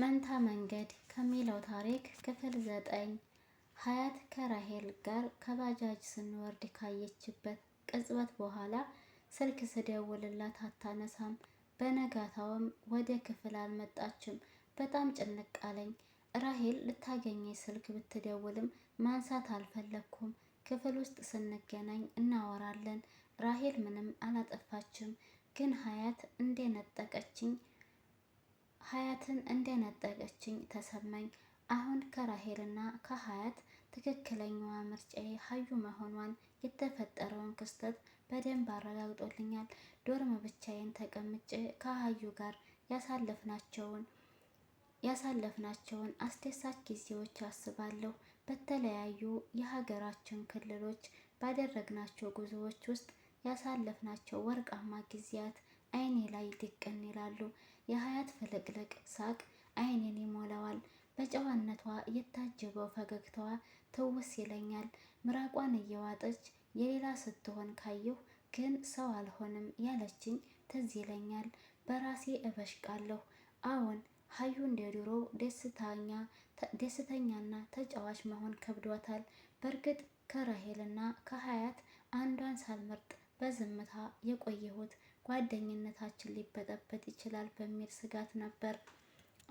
መንታ መንገድ ከሚለው ታሪክ ክፍል ዘጠኝ ሀያት ከራሄል ጋር ከባጃጅ ስንወርድ ካየችበት ቅጽበት በኋላ ስልክ ስደውልላት አታነሳም። በነጋታውም ወደ ክፍል አልመጣችም። በጣም ጭንቅ አለኝ። ራሄል ልታገኘ ስልክ ብትደውልም ማንሳት አልፈለግኩም። ክፍል ውስጥ ስንገናኝ እናወራለን። ራሄል ምንም አላጠፋችም፣ ግን ሀያት እንደነጠቀችኝ ሀያትን እንደነጠቀችኝ ተሰማኝ። አሁን ከራሄልና ከሀያት ትክክለኛዋ ምርጫዬ ሀዩ መሆኗን የተፈጠረውን ክስተት በደንብ አረጋግጦልኛል። ዶርም ብቻዬን ተቀምጬ ከሀዩ ጋር ያሳለፍናቸውን ያሳለፍናቸውን አስደሳች ጊዜዎች አስባለሁ። በተለያዩ የሀገራችን ክልሎች ባደረግናቸው ጉዞዎች ውስጥ ያሳለፍናቸው ወርቃማ ጊዜያት አይኔ ላይ ድቅን ይላሉ። የሀያት ፍልቅልቅ ሳቅ አይኔን ይሞላዋል። በጨዋነቷ የታጀበው ፈገግታዋ ትውስ ይለኛል። ምራቋን እየዋጠች የሌላ ስትሆን ካየሁ ግን ሰው አልሆንም ያለችኝ ትዝ ይለኛል። በራሴ እበሽቃለሁ። አዎን ሀዩ እንደ ድሮው ደስተኛና ተጫዋች መሆን ከብዷታል። በእርግጥ ከራሄልና ከሀያት አንዷን ሳልመርጥ በዝምታ የቆየሁት ጓደኝነታችን ሊበጠበጥ ይችላል በሚል ስጋት ነበር።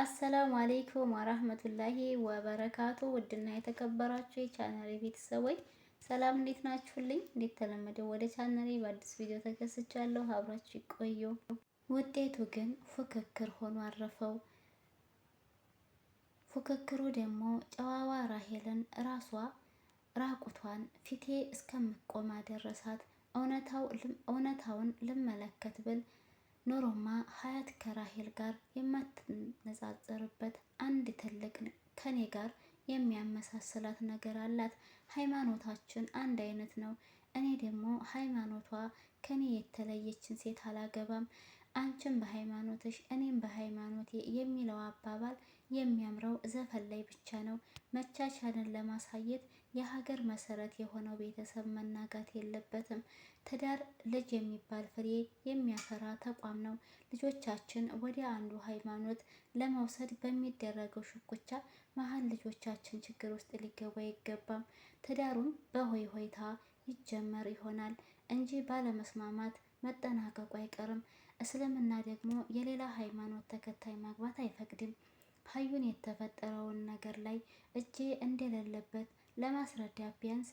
አሰላሙ አሌይኩም ወራህመቱላሂ ወበረካቱ። ውድና የተከበራችሁ የቻናሌ ቤተሰቦች ሰላም እንዴት ናችሁልኝ? ተለመደው ወደ ቻናሌ በአዲስ ቪዲዮ ተከስቻለሁ። አብራችሁ ይቆዩ። ውጤቱ ግን ፉክክር ሆኖ አረፈው። ፉክክሩ ደግሞ ጨዋዋ ራሄልን ራሷ ራቁቷን ፊቴ እስከምቆም አደረሳት። እውነታውን ልመለከት ብል ኖሮማ ሀያት ከራሄል ጋር የማትነጻጸርበት አንድ ትልቅ ከኔ ጋር የሚያመሳስላት ነገር አላት። ሃይማኖታችን አንድ አይነት ነው። እኔ ደግሞ ሃይማኖቷ ከኔ የተለየችን ሴት አላገባም። አንቺም በሃይማኖትሽ እኔም በሃይማኖቴ የሚለው አባባል የሚያምረው ዘፈን ላይ ብቻ ነው። መቻቻልን ለማሳየት የሀገር መሰረት የሆነው ቤተሰብ መናጋት የለበትም። ትዳር ልጅ የሚባል ፍሬ የሚያፈራ ተቋም ነው። ልጆቻችን ወደ አንዱ ሃይማኖት ለመውሰድ በሚደረገው ሽኩቻ መሀል ልጆቻችን ችግር ውስጥ ሊገቡ አይገባም። ትዳሩም በሆይ ሆይታ ይጀመር ይሆናል እንጂ ባለመስማማት መጠናቀቁ አይቀርም። እስልምና ደግሞ የሌላ ሃይማኖት ተከታይ ማግባት አይፈቅድም። ሀዩን የተፈጠረውን ነገር ላይ እጄ እንደሌለበት ለማስረዳት ቢያንስ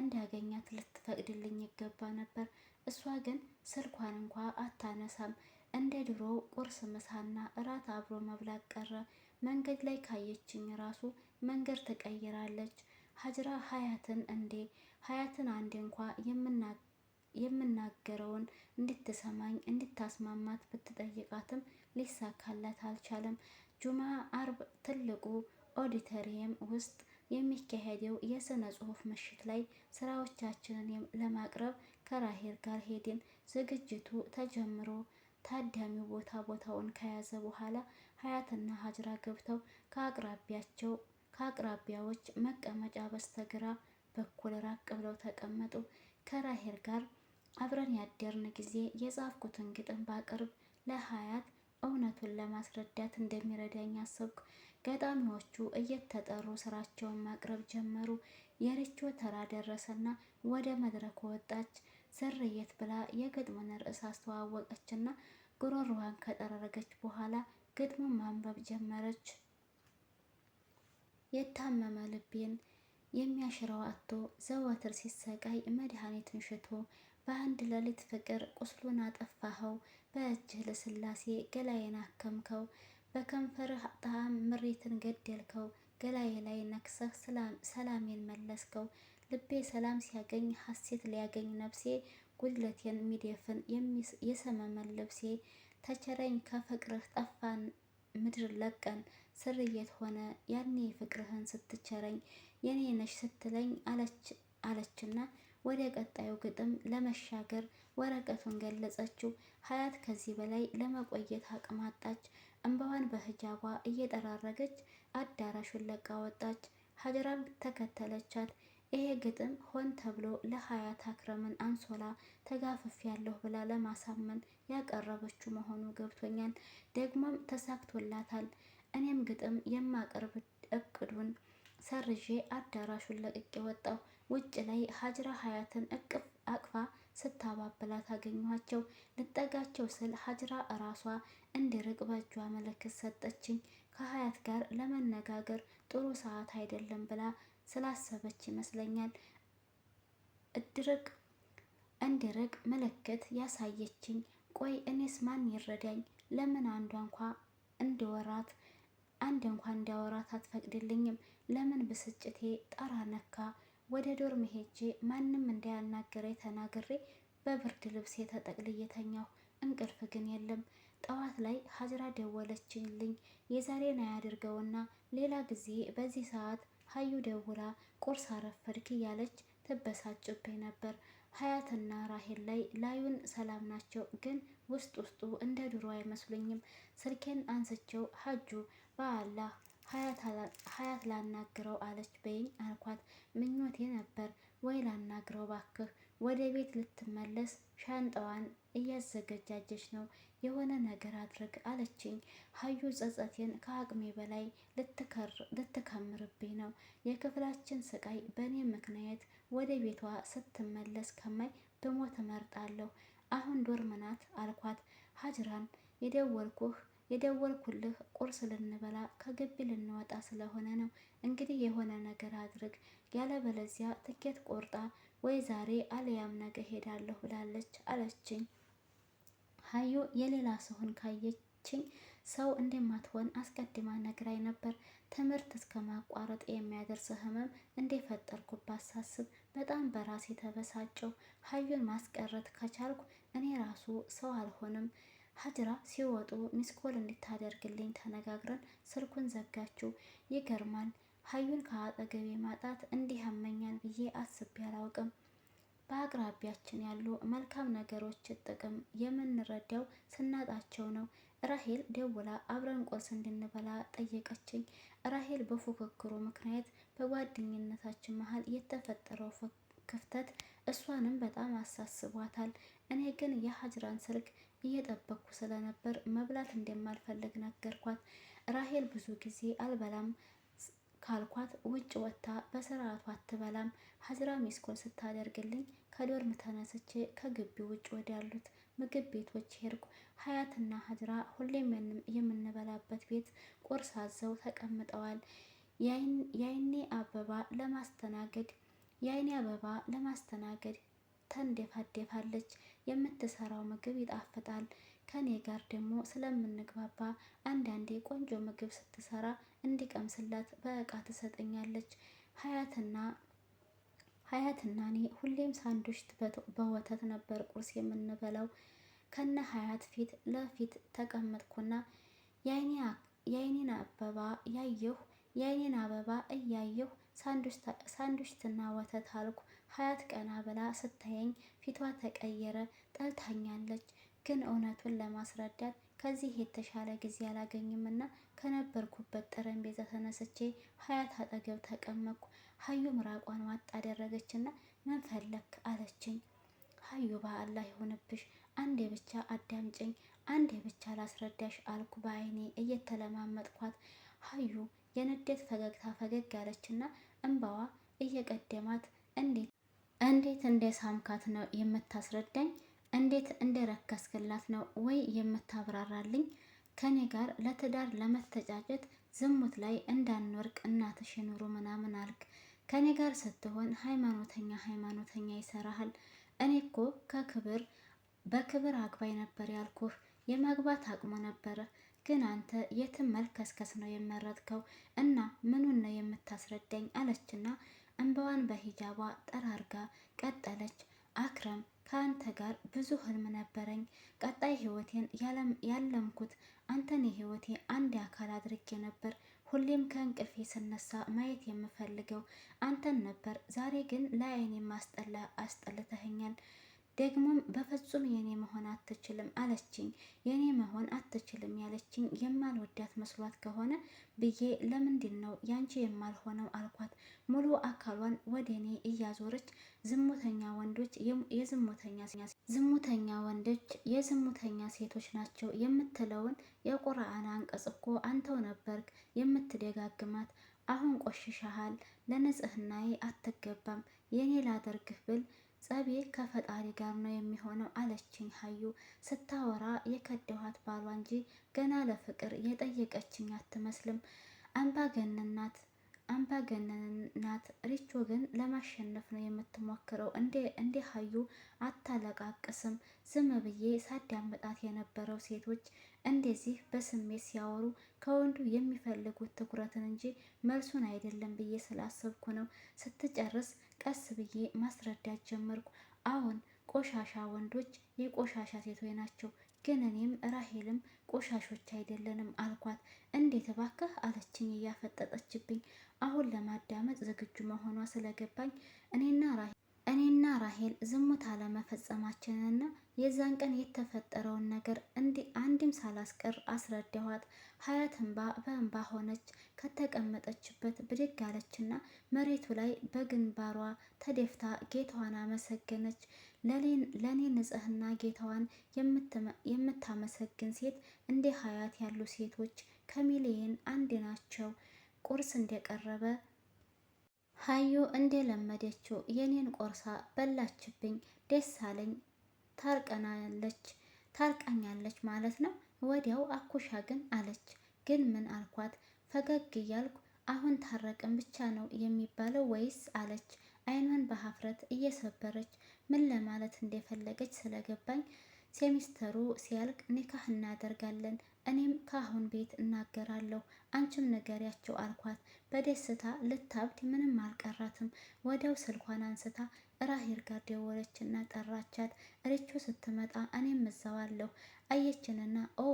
እንዳገኛት ልትፈቅድልኝ ይገባ ነበር። እሷ ግን ስልኳን እንኳ አታነሳም። እንደ ድሮ ቁርስ፣ ምሳና እራት አብሮ መብላት ቀረ። መንገድ ላይ ካየችኝ ራሱ መንገድ ትቀይራለች። ሀጅራ ሀያትን እንዴ ሀያትን አንዴ እንኳ የምናገረውን እንድትሰማኝ እንድታስማማት ብትጠይቃትም ሊሳካላት አልቻለም። ጁማ አርብ ትልቁ ኦዲተሪየም ውስጥ የሚካሄደው የሥነ ጽሑፍ ምሽት ላይ ስራዎቻችንን ለማቅረብ ከራሄል ጋር ሄድን። ዝግጅቱ ተጀምሮ ታዳሚው ቦታ ቦታውን ከያዘ በኋላ ሀያትና ሀጅራ ገብተው ከአቅራቢያቸው ከአቅራቢያዎች መቀመጫ በስተግራ በኩል ራቅ ብለው ተቀመጡ። ከራሄል ጋር አብረን ያደርን ጊዜ የጻፍኩትን ግጥም ባቅርብ ለሀያት እውነቱን ለማስረዳት እንደሚረዳኝ አሰብኩ። ገጣሚዎቹ እየተጠሩ ስራቸውን ማቅረብ ጀመሩ። የርቾ ተራ ደረሰና ወደ መድረኩ ወጣች። ዝርየት ብላ የግጥሙን ርዕስ አስተዋወቀችና ጉሮሮዋን ከጠረረገች በኋላ ግጥሙን ማንበብ ጀመረች። የታመመ ልቤን የሚያሽረው አጥቶ ዘወትር ሲሰቃይ መድኃኒትን ሽቶ በአንድ ሌሊት ፍቅር ቁስሉን አጠፋኸው፣ በእጅህ ልስላሴ ገላዬን አከምከው፣ በከንፈርህ ጣዕም ምሬትን ገደልከው፣ ገላዬ ላይ ነክሰህ ሰላሜን መለስከው። ልቤ ሰላም ሲያገኝ ሐሴት ሊያገኝ ነፍሴ ጉድለቴን የሚደፍን የሰመመን ልብሴ ተቸረኝ ከፍቅርህ ጠፋን ምድር ለቀን ስርየት ሆነ ያኔ ፍቅርህን ስትቸረኝ የኔ ነሽ ስትለኝ አለችና ወደ ቀጣዩ ግጥም ለመሻገር ወረቀቱን ገለጸችው። ሀያት ከዚህ በላይ ለመቆየት አቅም አጣች። እንባዋን በህጃቧ እየጠራረገች አዳራሹን ለቃ ወጣች። ተከተለቻት። ይሄ ግጥም ሆን ተብሎ ለሀያት አክረምን አንሶላ ተጋፍፍ ያለሁ ብላ ለማሳመን ያቀረበችው መሆኑ ገብቶኛል። ደግሞም ተሳክቶላታል። እኔም ግጥም የማቀርብ እቅዱን ሰርዤ አዳራሹን ለቅቄ ወጣሁ። ውጭ ላይ ሀጅራ ሀያትን እቅፍ አቅፋ ስታባብላ ታገኘኋቸው። ልጠጋቸው ስል ሀጅራ እራሷ እንዲርቅ በእጇ ምልክት ሰጠችኝ። ከሀያት ጋር ለመነጋገር ጥሩ ሰዓት አይደለም ብላ ስላሰበች ይመስለኛል እድርቅ እንዲርቅ ምልክት ያሳየችኝ። ቆይ እኔስ ማን ይረዳኝ? ለምን አንዷ እንኳ እንዲወራት አንድ እንኳን እንዲያወራት አትፈቅድልኝም? ለምን ብስጭቴ ጣራ ነካ? ወደ ዶርም ሄጄ ማንም እንዳያናገረኝ ተናግሬ በብርድ ልብስ የተጠቅልዬ ተኛሁ። እንቅልፍ ግን የለም። ጠዋት ላይ ሀጅራ ደወለችልኝ። የዛሬን አያድርገውና ሌላ ጊዜ በዚህ ሰዓት ሀዩ ደውላ ቁርስ አረፈድክ እያለች ትበሳጭብኝ ነበር። ሀያትና ራሄል ላይ ላዩን ሰላም ናቸው፣ ግን ውስጥ ውስጡ እንደ ድሮ አይመስሉኝም። ስልኬን አንስቼው ሀጁ በአላህ ሀያት ላናግረው አለች። በይኝ አልኳት። ምኞቴ ነበር ወይ ላናግረው ባክህ። ወደ ቤት ልትመለስ ሻንጣዋን እያዘገጃጀች ነው። የሆነ ነገር አድርግ አለችኝ። ሀዩ ጸጸቴን ከአቅሜ በላይ ልትከምርብኝ ነው። የክፍላችን ስቃይ በእኔ ምክንያት ወደ ቤቷ ስትመለስ ከማይ ብሞት እመርጣለሁ። አሁን ዶርም ናት አልኳት። ሀጅራን የደወልኩህ የደወልኩልህ ቁርስ ልንበላ ከግቢ ልንወጣ ስለሆነ ነው። እንግዲህ የሆነ ነገር አድርግ፣ ያለበለዚያ ትኬት ቆርጣ ወይ ዛሬ አልያም ነገ ሄዳለሁ ብላለች አለችኝ። ሀዩ የሌላ ሰውን ካየችኝ ሰው እንደማትሆን አስቀድማ ነግራኝ ነበር። ትምህርት እስከ ማቋረጥ የሚያደርስ ህመም እንደፈጠርኩባት ሳስብ በጣም በራሴ ተበሳጨው። ሀዩን ማስቀረት ከቻልኩ እኔ ራሱ ሰው አልሆንም። ሀጅራ ሲወጡ ሚስኮል እንድታደርግልኝ ተነጋግረን ስልኩን ዘጋችው። ይገርማል። ሀዩን ከአጠገቤ ማጣት እንዲህ ያመኛል ብዬ አስቤ አላውቅም። በአቅራቢያችን ያሉ መልካም ነገሮች ጥቅም የምንረዳው ስናጣቸው ነው። ራሄል ደውላ አብረን ቁርስ እንድንበላ ጠየቀችኝ። ራሄል በፉክክሩ ምክንያት በጓደኝነታችን መሀል የተፈጠረው ክፍተት እሷንም በጣም አሳስቧታል። እኔ ግን የሀጅራን ስልክ እየጠበቅኩ ስለነበር መብላት እንደማልፈልግ ነገርኳት። ራሄል ብዙ ጊዜ አልበላም ካልኳት ውጭ ወጥታ በስርዓቱ አትበላም። ሀዝራ ሚስኮል ስታደርግልኝ ከዶርም ተነስቼ ከግቢ ውጭ ወዳሉት ምግብ ቤቶች ሄድኩ። ሀያትና ሀዝራ ሁሌም የምንበላበት ቤት ቁርስ አዘው ተቀምጠዋል። የአይኔ አበባ ለማስተናገድ የአይኔ አበባ ለማስተናገድ ተንደፋደፋለች። የምትሰራው ምግብ ይጣፍጣል። ከኔ ጋር ደግሞ ስለምንግባባ አንዳንዴ ቆንጆ ምግብ ስትሰራ እንዲቀምስላት በእቃ ትሰጠኛለች። ሀያትና ሀያትና እኔ ሁሌም ሳንዱሽ በወተት ነበር ቁርስ የምንበላው። ከነ ሀያት ፊት ለፊት ተቀመጥኩና የአይኔን አበባ ያየሁ የአይኔን አበባ እያየሁ ሳንዱሽትና ወተት አልኩ። ሀያት ቀና ብላ ስታየኝ ፊቷ ተቀየረ። ጠልታኛለች፣ ግን እውነቱን ለማስረዳት ከዚህ የተሻለ ጊዜ አላገኝም እና ከነበርኩበት ጠረጴዛ ተነስቼ ሀያት አጠገብ ተቀመጥኩ። ሀዩ ምራቋን ዋጥ አደረገች እና ምን ፈለክ አለችኝ። ሀዩ በአላህ ይሆንብሽ፣ አንዴ ብቻ አዳምጭኝ አንዴ ብቻ ላስረዳሽ አልኩ በአይኔ እየተለማመጥኳት። ሀዩ የንዴት ፈገግታ ፈገግ አለችና እንባዋ እየቀደማት እንዴት እንዴት እንደ ሳምካት ነው የምታስረዳኝ? እንዴት እንደ ረከስክላት ነው ወይ የምታብራራልኝ? ከኔ ጋር ለትዳር ለመተጫጨት ዝሙት ላይ እንዳንወርቅ እናትሽ ኑሮ ምናምን አልክ። ከኔ ጋር ስትሆን ሃይማኖተኛ ሃይማኖተኛ ይሰራሃል። እኔ እኮ ከክብር በክብር አግባይ ነበር ያልኩህ። የማግባት አቅሙ ነበረ፣ ግን አንተ የትም መልከስከስ ነው የመረጥከው እና ምኑን ነው የምታስረዳኝ አለችና እንባዋን በሂጃቧ ጠራርጋ ቀጠለች። አክረም ከአንተ ጋር ብዙ ህልም ነበረኝ። ቀጣይ ህይወቴን ያለምኩት አንተን የህይወቴ አንድ አካል አድርጌ ነበር። ሁሌም ከእንቅልፌ ስነሳ ማየት የምፈልገው አንተን ነበር። ዛሬ ግን ለአይኔ ማስጠላ አስጠልተኸኛል። ደግሞም በፍጹም የኔ መሆን አትችልም አለችኝ። የኔ መሆን አትችልም ያለችኝ የማልወዳት መስሏት ከሆነ ብዬ ለምንድን ነው ያንቺ የማልሆነው አልኳት። ሙሉ አካሏን ወደ እኔ እያዞረች ዝሙተኛ ወንዶች የዝሙተኛ ዝሙተኛ ወንዶች የዝሙተኛ ሴቶች ናቸው የምትለውን የቁርአን አንቀጽ እኮ አንተው ነበርክ የምትደጋግማት። አሁን ቆሽሻሃል፣ ለንጽህናዬ አትገባም። የኔ ላደርግህ ብል ጸቤ ከፈጣሪ ጋር ነው የሚሆነው አለችኝ ሀዩ። ስታወራ የከደኋት ባሏ እንጂ ገና ለፍቅር የጠየቀችኝ አትመስልም። አምባገነን ናት። አምባገነናት ሪቾ ግን ለማሸነፍ ነው የምትሞክረው። እንደ ሀዩ አታለቃቅስም። ዝም ብዬ ሳዳምጣት የነበረው ሴቶች እንደዚህ በስሜት ሲያወሩ ከወንዱ የሚፈልጉት ትኩረትን እንጂ መልሱን አይደለም ብዬ ስላሰብኩ ነው። ስትጨርስ ቀስ ብዬ ማስረዳት ጀመርኩ። አሁን ቆሻሻ ወንዶች የቆሻሻ ሴቶች ናቸው፣ ግን እኔም ራሄልም ቆሻሾች አይደለንም አልኩ። እባክህ አለችኝ እያፈጠጠችብኝ። አሁን ለማዳመጥ ዝግጁ መሆኗ ስለገባኝ እኔና ራሄል እኔና ራሄል ዝሙት አለመፈጸማችንና የዛን ቀን የተፈጠረውን ነገር እንዲ አንድም ሳላስቀር አስረዳኋት። ሀያት እንባ በእንባ ሆነች። ከተቀመጠችበት ብድግ አለችና መሬቱ ላይ በግንባሯ ተደፍታ ጌታዋን አመሰገነች። ለኔ ንጽህና ጌታዋን የምታመሰግን ሴት እንደ ሀያት ያሉ ሴቶች ከሚሊየን አንድ ናቸው። ቁርስ እንደቀረበ ሀዩ እንደለመደችው የኔን ቆርሳ በላችብኝ፣ ደስ አለኝ። ታርቀናለች ታርቀኛለች ማለት ነው። ወዲያው አኩሻ ግን አለች። ግን ምን አልኳት ፈገግ እያልኩ አሁን ታረቅን ብቻ ነው የሚባለው ወይስ አለች። አይኗን በሀፍረት እየሰበረች ምን ለማለት እንደፈለገች ስለገባኝ ሴሚስተሩ ሲያልቅ ኒካህ እናደርጋለን እኔም ከአሁን ቤት እናገራለሁ፣ አንቺም ንገሪያቸው አልኳት። በደስታ ልታብድ ምንም አልቀራትም። ወዲያው ስልኳን አንስታ ራሄል ጋር ደወለችና ጠራቻት። ሬቾ ስትመጣ እኔም እዛዋለሁ። አየችንና ኦ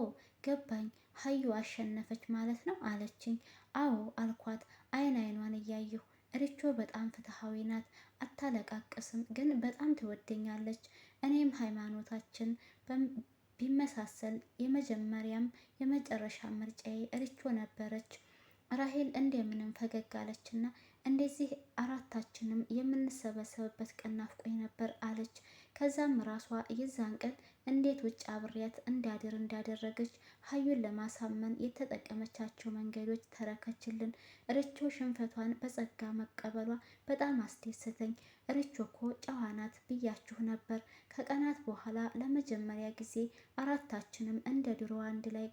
ገባኝ፣ ሀዩ አሸነፈች ማለት ነው አለችኝ። አዎ አልኳት፣ አይን አይኗን እያየሁ። ሬቾ በጣም ፍትሐዊ ናት፣ አታለቃቅስም፣ ግን በጣም ትወደኛለች። እኔም ሃይማኖታችን ቢመሳሰል የመጀመሪያም የመጨረሻ ምርጫዬ ርቾ ነበረች። ራሄል እንደምንም ፈገግ አለችና እንደዚህ አራታችንም የምንሰበሰብበት ቀን ናፍቆኝ ነበር አለች። ከዛም ራሷ የዛን ቀን እንዴት ውጭ አብሬያት እንዳድር እንዳደረገች ሀዩን ለማሳመን የተጠቀመቻቸው መንገዶች ተረከችልን። ርቾ ሽንፈቷን በጸጋ መቀበሏ በጣም አስደሰተኝ። ርቾ እኮ ጨዋ ናት ብያችሁ ነበር። ከቀናት በኋላ ለመጀመሪያ ጊዜ አራታችንም እንደ ድሮ አንድ ላይ